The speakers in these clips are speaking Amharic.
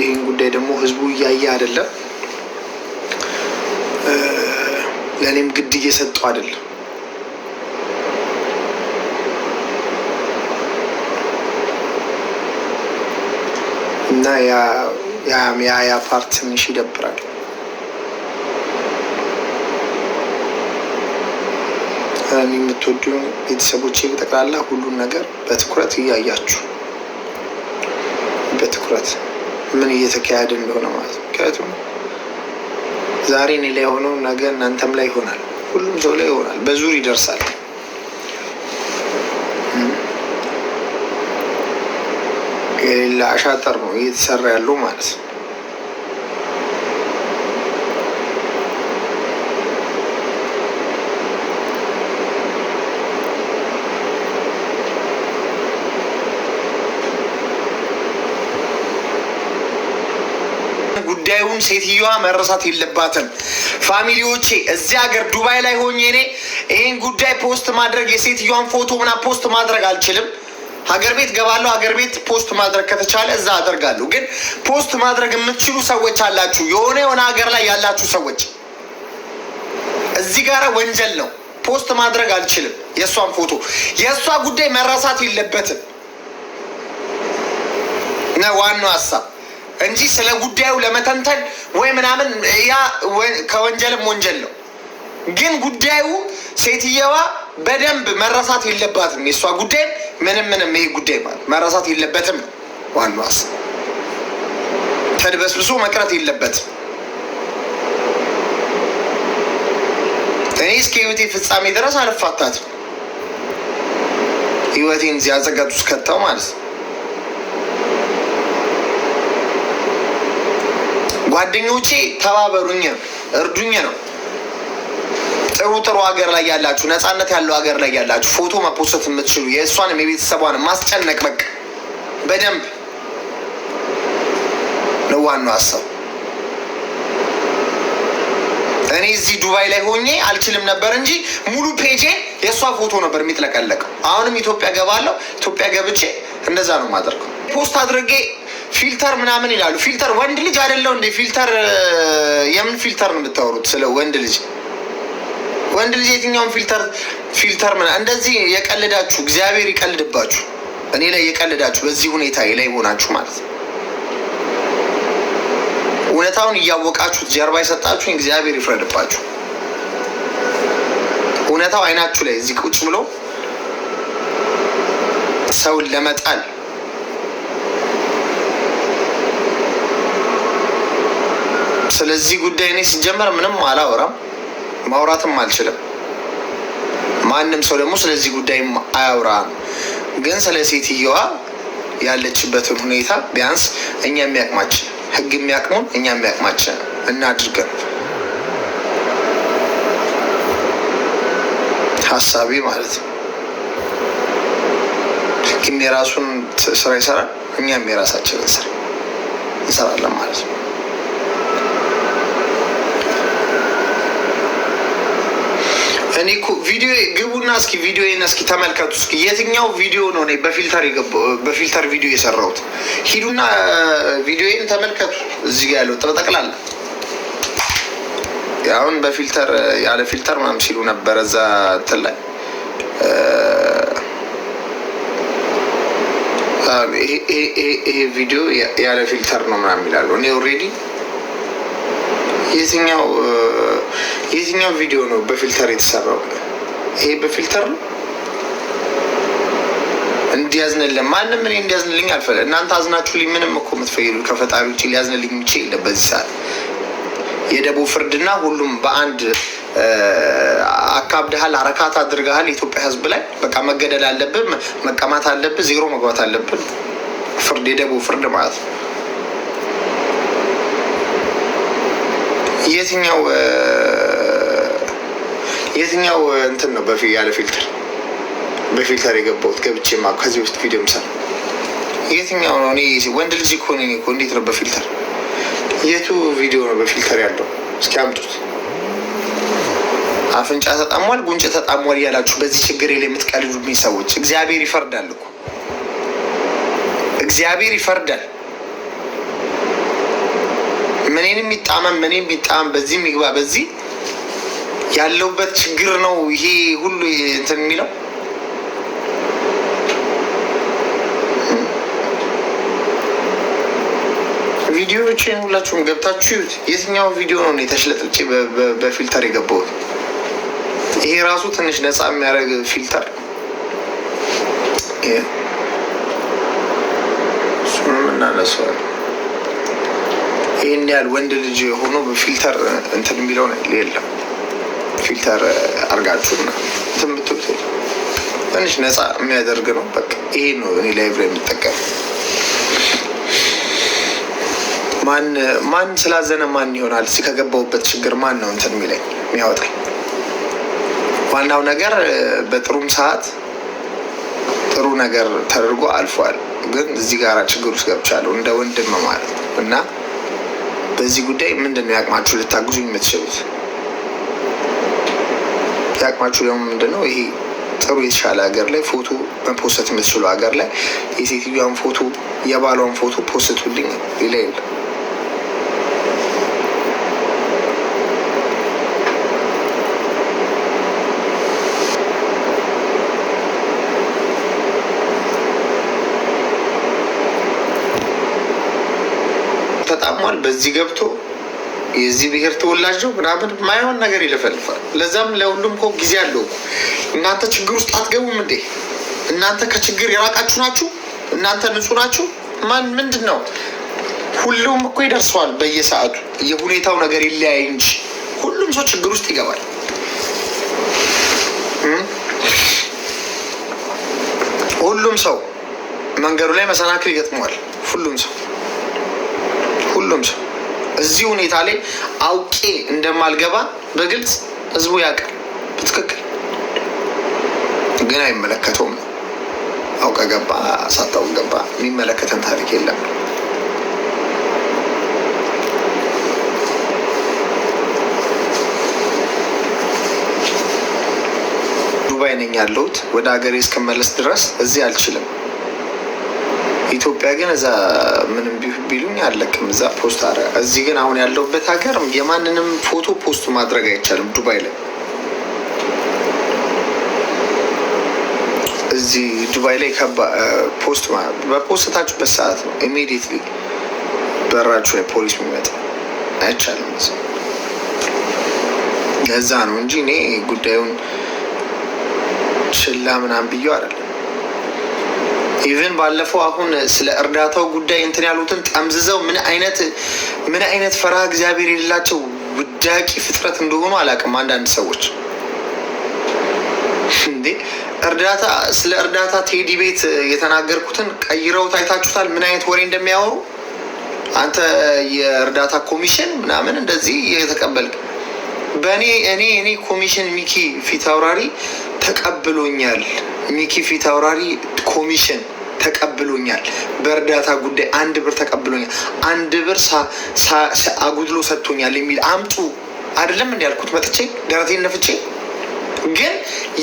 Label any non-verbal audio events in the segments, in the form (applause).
ይህን ጉዳይ ደግሞ ህዝቡ እያየ አይደለም፣ ለእኔም ግድ እየሰጠው አይደለም። እና ያ ፓርት ትንሽ ይደብራል። የምትወዱ ቤተሰቦች ጠቅላላ ሁሉን ነገር በትኩረት እያያችሁ በትኩረት ምን እየተካሄደ እንደሆነ ማለት ነው። ምክንያቱም ዛሬ እኔ ላይ የሆነው ነገ እናንተም ላይ ይሆናል፣ ሁሉም ሰው ላይ ይሆናል፣ በዙር ይደርሳል። የሌላ አሻጠር ነው እየተሰራ ያለው ማለት ነው። ሳይሆን ሴትዮዋ መረሳት የለባትም። ፋሚሊዎቼ እዚህ ሀገር ዱባይ ላይ ሆኜ እኔ ይህን ጉዳይ ፖስት ማድረግ የሴትዮዋን ፎቶ ምና ፖስት ማድረግ አልችልም። ሀገር ቤት ገባለሁ። ሀገር ቤት ፖስት ማድረግ ከተቻለ እዛ አደርጋለሁ። ግን ፖስት ማድረግ የምትችሉ ሰዎች አላችሁ፣ የሆነ የሆነ ሀገር ላይ ያላችሁ ሰዎች እዚህ ጋር ወንጀል ነው። ፖስት ማድረግ አልችልም። የእሷን ፎቶ የእሷ ጉዳይ መረሳት የለበትም ነው ዋናው ሀሳብ። እንጂ ስለ ጉዳዩ ለመተንተን ወይ ምናምን ያ ከወንጀልም ወንጀል ነው። ግን ጉዳዩ ሴትየዋ በደንብ መረሳት የለባትም። የእሷ ጉዳይ ምንም ምንም ይሄ ጉዳይ ማለት መረሳት የለበትም ነው ዋና ሀሳብ። ተድበስብሶ መቅረት የለበትም። እኔ እስከ ህይወቴ ፍጻሜ ድረስ አልፋታትም። ህይወቴን እዚያ አዘጋጁ እስከተው ማለት ነው። ጓደኞቼ ተባበሩኝ፣ እርዱኝ ነው። ጥሩ ጥሩ ሀገር ላይ ያላችሁ ነፃነት ያለው ሀገር ላይ ያላችሁ ፎቶ መፖሰት የምትችሉ የእሷንም የቤተሰቧን ማስጨነቅ በቃ በደንብ ነው ዋናው ሀሳብ። እኔ እዚህ ዱባይ ላይ ሆኜ አልችልም ነበር እንጂ ሙሉ ፔጄ የእሷ ፎቶ ነበር የሚጥለቀለቀው። አሁንም ኢትዮጵያ ገባለሁ። ኢትዮጵያ ገብቼ እንደዛ ነው ማደርገው ፖስት አድርጌ ፊልተር ምናምን ይላሉ። ፊልተር ወንድ ልጅ አይደለው እንዴ? ፊልተር የምን ፊልተር ነው የምታወሩት? ስለ ወንድ ልጅ ወንድ ልጅ የትኛውን ፊልተር ፊልተር ምና እንደዚህ የቀልዳችሁ እግዚአብሔር ይቀልድባችሁ፣ እኔ ላይ የቀልዳችሁ በዚህ ሁኔታ ላይ ሆናችሁ ማለት ነው። እውነታውን እያወቃችሁ ጀርባ የሰጣችሁ እግዚአብሔር ይፍረድባችሁ። እውነታው አይናችሁ ላይ እዚህ ቁጭ ብሎ ሰውን ለመጣል ስለዚህ ጉዳይ እኔ ሲጀመር ምንም አላወራም፣ ማውራትም አልችልም። ማንም ሰው ደግሞ ስለዚህ ጉዳይ አያውራም ግን ስለ ሴትየዋ ያለችበትን ሁኔታ ቢያንስ እኛ የሚያቅማችን ህግ የሚያቅሙን እኛ የሚያቅማችን እናድርገን። ሀሳቢ ማለት ነው። ህግም የራሱን ስራ ይሰራል፣ እኛም የራሳችንን ስራ እንሰራለን ማለት ነው። እኔ እኮ ቪዲዮ ግቡና እስኪ ቪዲዮን እስኪ ተመልከቱ። እስኪ የትኛው ቪዲዮ ነው እኔ በፊልተር በፊልተር ቪዲዮ የሰራሁት? ሂዱና ቪዲዮን ተመልከቱ። እዚህ ጋ ያለው ጠቅላላ አሁን በፊልተር ያለ ፊልተር ምናምን ሲሉ ነበረ እዛ እንትን ላይ ይሄ ቪዲዮ ያለ ፊልተር ነው ምናምን ይላሉ። እኔ ኦልሬዲ የትኛው የትኛው ቪዲዮ ነው በፊልተር የተሰራው? ይሄ በፊልተር ነው እንዲያዝንልን ማንም እኔ እንዲያዝንልኝ አልፈለ እናንተ አዝናችሁ ልኝ ምንም እኮ የምትፈይዱ ከፈጣሪ ውጭ ሊያዝንልኝ ምቼ የለ በዚህ ሰዓት የደቦ ፍርድና ሁሉም በአንድ አካብድሃል አረካት አድርገሃል። የኢትዮጵያ ህዝብ ላይ በቃ መገደል አለብህ፣ መቀማት አለብህ፣ ዜሮ መግባት አለብን። ፍርድ የደቡብ ፍርድ ማለት ነው። የትኛው የትኛው እንትን ነው በፊ ያለ ፊልተር በፊልተር የገባሁት ገብቼ ማ ከዚህ ውስጥ ቪዲዮ ምሳ የትኛው ነው? እኔ ወንድ ልጅ እኮ ነኝ እኮ እንዴት ነው በፊልተር የቱ ቪዲዮ ነው በፊልተር ያለው? እስኪ አምጡት። አፍንጫ ተጣሟል፣ ጉንጭ ተጣሟል እያላችሁ በዚህ ችግር ላይ የምትቀልዱብኝ ሰዎች እግዚአብሔር ይፈርዳል እኮ እግዚአብሔር ይፈርዳል። ምኔንም ይጣመም ምኔም ይጣመም፣ በዚህ ይግባ በዚህ ያለውበት ችግር ነው ይሄ ሁሉ እንትን የሚለው ቪዲዮዎችን ሁላችሁም ገብታችሁ ይዩት። የትኛው ቪዲዮ ነው የተሽለጥቼ በፊልተር የገባሁት? ይሄ ራሱ ትንሽ ነፃ የሚያደርግ ፊልተር እሱንም ይህን ያህል ወንድ ልጅ ሆኖ በፊልተር እንትን የሚለው የለም። ፊልተር አርጋችሁ ትምትት ትንሽ ነፃ የሚያደርግ ነው። በቃ ይሄ ነው እኔ ላይብሬ የምጠቀም ማን ማን ስላዘነ ማን ይሆናል እዚህ ከገባሁበት ችግር ማን ነው እንትን የሚለኝ የሚያወጣኝ? ዋናው ነገር በጥሩም ሰዓት ጥሩ ነገር ተደርጎ አልፏል። ግን እዚህ ጋር ችግር ውስጥ ገብቻለሁ እንደ ወንድም ማለት ነው እና በዚህ ጉዳይ ምንድን ነው ያቅማችሁ ልታግዙኝ የምትችሉት? የሚጠቅማችሁ ደግሞ ምንድነው ይሄ ጥሩ የተሻለ ሀገር ላይ ፎቶ መፖሰት የምትችሉ ሀገር ላይ የሴትዮዋን ፎቶ የባሏን ፎቶ ፖስቱልኝ ይላል። ተጣሟል። በዚህ ገብቶ የዚህ ብሔር ተወላጅ ነው ምናምን ማይሆን ነገር ይለፈልፋል። ለዛም ለሁሉም እኮ ጊዜ አለው። እናንተ ችግር ውስጥ አትገቡም እንዴ? እናንተ ከችግር የራቃችሁ ናችሁ። እናንተ ንጹህ ናችሁ። ማን ምንድን ነው? ሁሉም እኮ ይደርሰዋል በየሰዓቱ የሁኔታው ነገር ይለያይ እንጂ ሁሉም ሰው ችግር ውስጥ ይገባል። ሁሉም ሰው መንገዱ ላይ መሰናክል ይገጥመዋል። ሁሉም ሰው ሁሉም ሰው እዚህ ሁኔታ ላይ አውቄ እንደማልገባ በግልጽ ህዝቡ ያውቃል። በትክክል ግን አይመለከተውም። አውቀ ገባ ሳታው ገባ የሚመለከተን ታሪክ የለም። ዱባይ ነኝ ያለሁት ወደ ሀገሬ እስከመለስ ድረስ እዚህ አልችልም። ኢትዮጵያ ግን እዛ ምንም ቢሉኝ አለቅም፣ እዛ ፖስት አረ እዚህ ግን አሁን ያለሁበት ሀገር የማንንም ፎቶ ፖስት ማድረግ አይቻልም። ዱባይ ላይ እዚህ ዱባይ ላይ ፖስት በፖስታችሁበት ሰዓት ነው ኢሚዲየትሊ በራችሁ ላይ ፖሊስ የሚመጣ አይቻልም። ለዛ ነው እንጂ እኔ ጉዳዩን ችላ ምናምን ብዬ አይደለም። ኢቨን ባለፈው አሁን ስለ እርዳታው ጉዳይ እንትን ያሉትን ጠምዝዘው ምን አይነት ምን አይነት ፈርሃ እግዚአብሔር የሌላቸው ውዳቂ ፍጥረት እንደሆኑ አላውቅም። አንዳንድ ሰዎች እንዴ እርዳታ ስለ እርዳታ ቴዲ ቤት የተናገርኩትን ቀይረው ታይታችሁታል፣ ምን አይነት ወሬ እንደሚያወሩ አንተ የእርዳታ ኮሚሽን ምናምን እንደዚህ የተቀበልክ በእኔ እኔ እኔ ኮሚሽን ሚኪ ፊት አውራሪ ተቀብሎኛል። ሚኪ ፊት አውራሪ ኮሚሽን ተቀብሎኛል። በእርዳታ ጉዳይ አንድ ብር ተቀብሎኛል፣ አንድ ብር አጉድሎ ሰጥቶኛል የሚል አምጡ። አይደለም እንዲ ያልኩት መጥቼ ደረቴን ነፍቼ ግን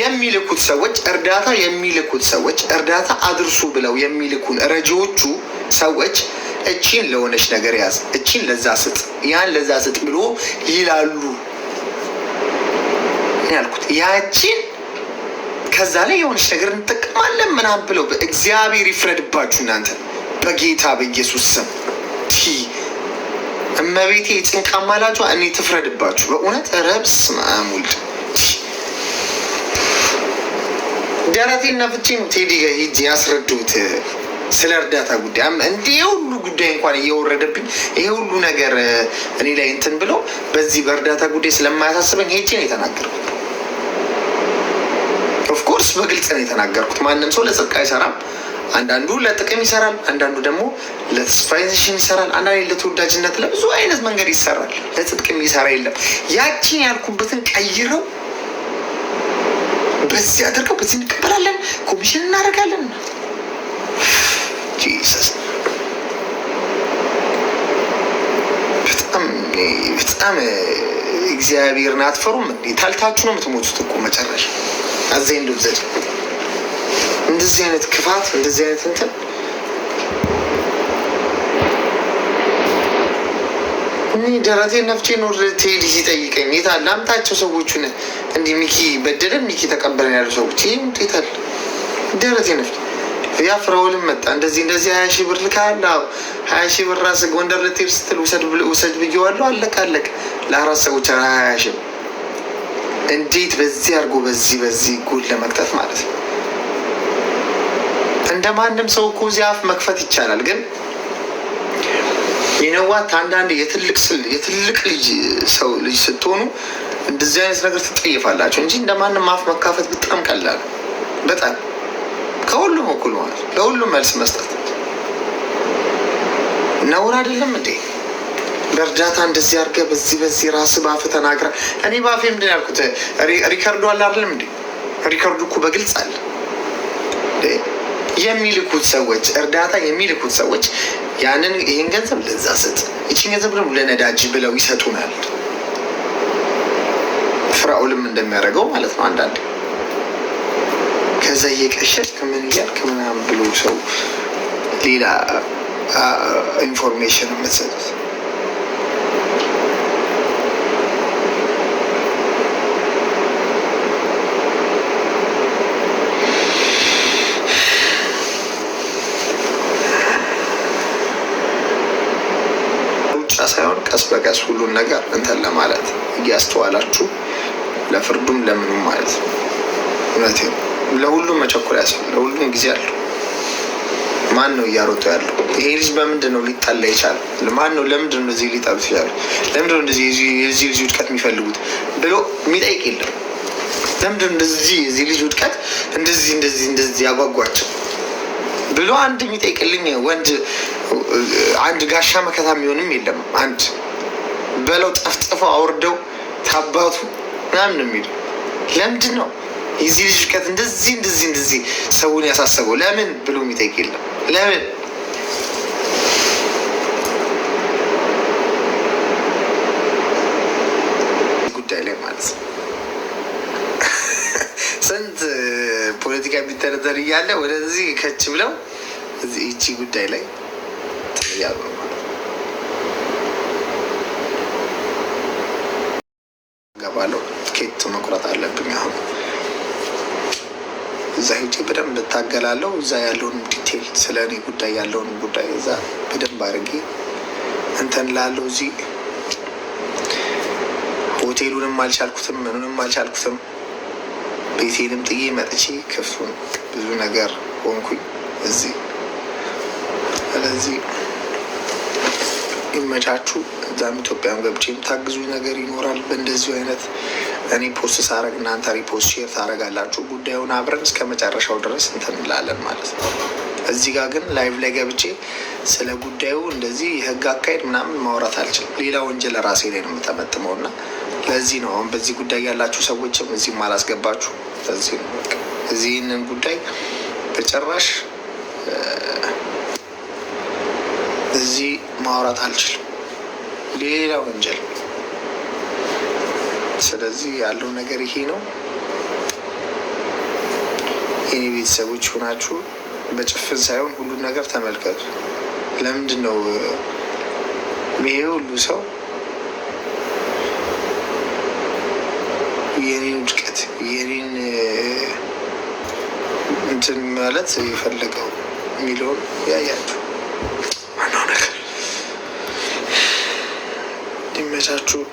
የሚልኩት ሰዎች እርዳታ የሚልኩት ሰዎች እርዳታ አድርሱ ብለው የሚልኩን ረጂዎቹ ሰዎች እቺን ለሆነች ነገር ያዝ፣ እቺን ለዛ ስጥ፣ ያን ለዛ ስጥ ብሎ ይላሉ ያልኩት ያቺን ከዛ ላይ የሆነች ነገር እንጠቀማለን ምናምን ብለው እግዚአብሔር ይፍረድባችሁ እናንተ በጌታ በኢየሱስ ስም። እመቤቴ የጭንቃ ላጇ እኔ ትፍረድባችሁ በእውነት ረብስ ማሙል ደረቴን ነፍቼ ነው ቴዲ ሂጅ ያስረዱት ስለ እርዳታ ጉዳይ እንደ የሁሉ ጉዳይ እንኳን እየወረደብኝ ይሄ ሁሉ ነገር እኔ ላይ እንትን ብለው በዚህ በእርዳታ ጉዳይ ስለማያሳስበኝ ሄጄ ነው የተናገርኩት። ኦፍኮርስ በግልጽ ነው የተናገርኩት። ማንም ሰው ለጽድቅ አይሰራም። አንዳንዱ ለጥቅም ይሰራል፣ አንዳንዱ ደግሞ ለስፋይዜሽን ይሰራል፣ አንዳንዱ ለተወዳጅነት፣ ለብዙ አይነት መንገድ ይሰራል። ለጽድቅ የሚሰራ የለም። ያችን ያልኩበትን ቀይረው በዚህ አድርገው በዚህ እንቀበላለን፣ ኮሚሽን እናደርጋለን። ጂሰስ በጣም እግዚአብሔርን አትፈሩም እንዴ? ታልታችሁ ነው የምትሞቱት እኮ መጨረሻ አዘይን ዘ ኤንድ እንደዚህ አይነት ክፋት እንደዚህ አይነት እንትን እኔ ደረቴ ነፍቼ ኖር ቴዲ ሲጠይቀኝ የት ላምታቸው አምጣቸው ሰዎቹን እንዲህ ሚኪ በደለ ሚኪ ተቀበለ ያሉ ሰዎች ይህም የት አለ ደረቴ ነፍቼ ያ ፍራውልም መጣ እንደዚህ እንደዚህ ሀያ ሺህ ብር ልካለ ሀያ ሺህ ብር ራስ ጎንደር ልትሄድ ስትል ውሰድ ብዬዋለሁ አለቀ አለቀ ለአራት ሰዎች ሀያ ሺህ እንዴት በዚህ አድርጎ በዚህ በዚህ ጉድ ለመቅጠት ማለት ነው። እንደ ማንም ሰው እኮ እዚህ አፍ መክፈት ይቻላል። ግን የነዋት አንዳንድ የትልቅ የትልቅ ልጅ ሰው ልጅ ስትሆኑ እንደዚህ አይነት ነገር ትጠየፋላቸው እንጂ እንደ ማንም አፍ መካፈት በጣም ቀላል በጣም ከሁሉም እኩል ማለት ለሁሉም መልስ መስጠት ነውር አይደለም እንዴ? በእርዳታ እንደዚህ አድርገ በዚህ በዚህ ራስ ባፍ ተናግረ እኔ ባፌ ምንድን ያልኩት ሪከርዱ አለ አይደለም እንዴ? ሪከርዱ እኮ በግልጽ አለ። የሚልኩት ሰዎች እርዳታ የሚልኩት ሰዎች ያንን ይህን ገንዘብ ለዛ ስጥ፣ ይችን ገንዘብ ደግሞ ለነዳጅ ብለው ይሰጡናል። ፍራኦልም እንደሚያደርገው ማለት ነው አንዳንድ ከዛ እየቀሸል ከምን እያልክ ምናምን ብሎ ሰው ሌላ ኢንፎርሜሽን የምትሰጡት ቀስ በቀስ ሁሉን ነገር እንትን ለማለት እያስተዋላችሁ ለፍርዱም ለምኑም ማለት ነው። እውነት ለሁሉም መቸኮል ያስ ለሁሉም ጊዜ አለው። ማን ነው እያሮጡ ያለው? ይሄ ልጅ በምንድን ነው ሊጠላ ይቻል? ማን ነው ለምንድን ነው እዚህ ሊጠሉ ይችላሉ? ለምንድን ነው እንደዚህ የዚህ ልጅ ውድቀት የሚፈልጉት ብሎ የሚጠይቅ የለም። ለምንድን ነው እንደዚህ የዚህ ልጅ ውድቀት እንደዚህ እንደዚህ እንደዚህ ያጓጓቸው ብሎ አንድ የሚጠይቅልኝ ወንድ አንድ ጋሻ መከታ የሚሆንም የለም አንድ በለው ጠፍጥፈው አውርደው ታባቱ ምናምን የሚሉ ለምንድን ነው የዚህ ልጅ እውቀት እንደዚህ እንደዚህ እንደዚህ ሰውን ያሳሰበው ለምን ብሎ የሚጠይቅ የለም። ለምን ጉዳይ ላይ ማለት ነው። (laughs) ስንት ፖለቲካ የሚተረተር እያለ ወደዚህ ከች ብለው እዚህ ይቺ ጉዳይ ላይ ያሉ ገባለው ትኬት መቁረጥ አለብኝ። አሁን እዛ ሄጄ በደንብ እታገላለሁ። እዛ ያለውን ዲቴል ስለ እኔ ጉዳይ ያለውን ጉዳይ እዛ በደንብ አድርጌ እንትን ላለው እዚህ ሆቴሉንም አልቻልኩትም፣ ምኑንም አልቻልኩትም። ቤቴንም ጥዬ መጥቼ ክፉን ብዙ ነገር ሆንኩኝ እዚህ። ስለዚህ ይመቻቹ። እዛም ኢትዮጵያን ገብቼ የምታግዙኝ ነገር ይኖራል። በእንደዚሁ አይነት እኔ ፖስት ሳረግ እናንተ ሪፖስት ሼር ታደረጋላችሁ። ጉዳዩን አብረን እስከ መጨረሻው ድረስ እንትን እንላለን ማለት ነው። እዚህ ጋር ግን ላይቭ ላይ ገብቼ ስለ ጉዳዩ እንደዚህ የህግ አካሄድ ምናምን ማውራት አልችልም። ሌላ ወንጀል ራሴ ላይ ነው የምጠመጥመው እና ለዚህ ነው አሁን በዚህ ጉዳይ ያላችሁ ሰዎችም እዚህም አላስገባችሁ። እዚህ ነው እዚህ ይህንን ጉዳይ በጭራሽ እዚህ ማውራት አልችልም። ሌላ ወንጀል። ስለዚህ ያለው ነገር ይሄ ነው። የኔ ቤተሰቦች ሆናችሁ በጭፍን ሳይሆን ሁሉን ነገር ተመልከቱ። ለምንድን ነው ይሄ ሁሉ ሰው የኔን ውድቀት የኔን እንትን ማለት የፈለገው የሚለውን ያያችሁ? That's true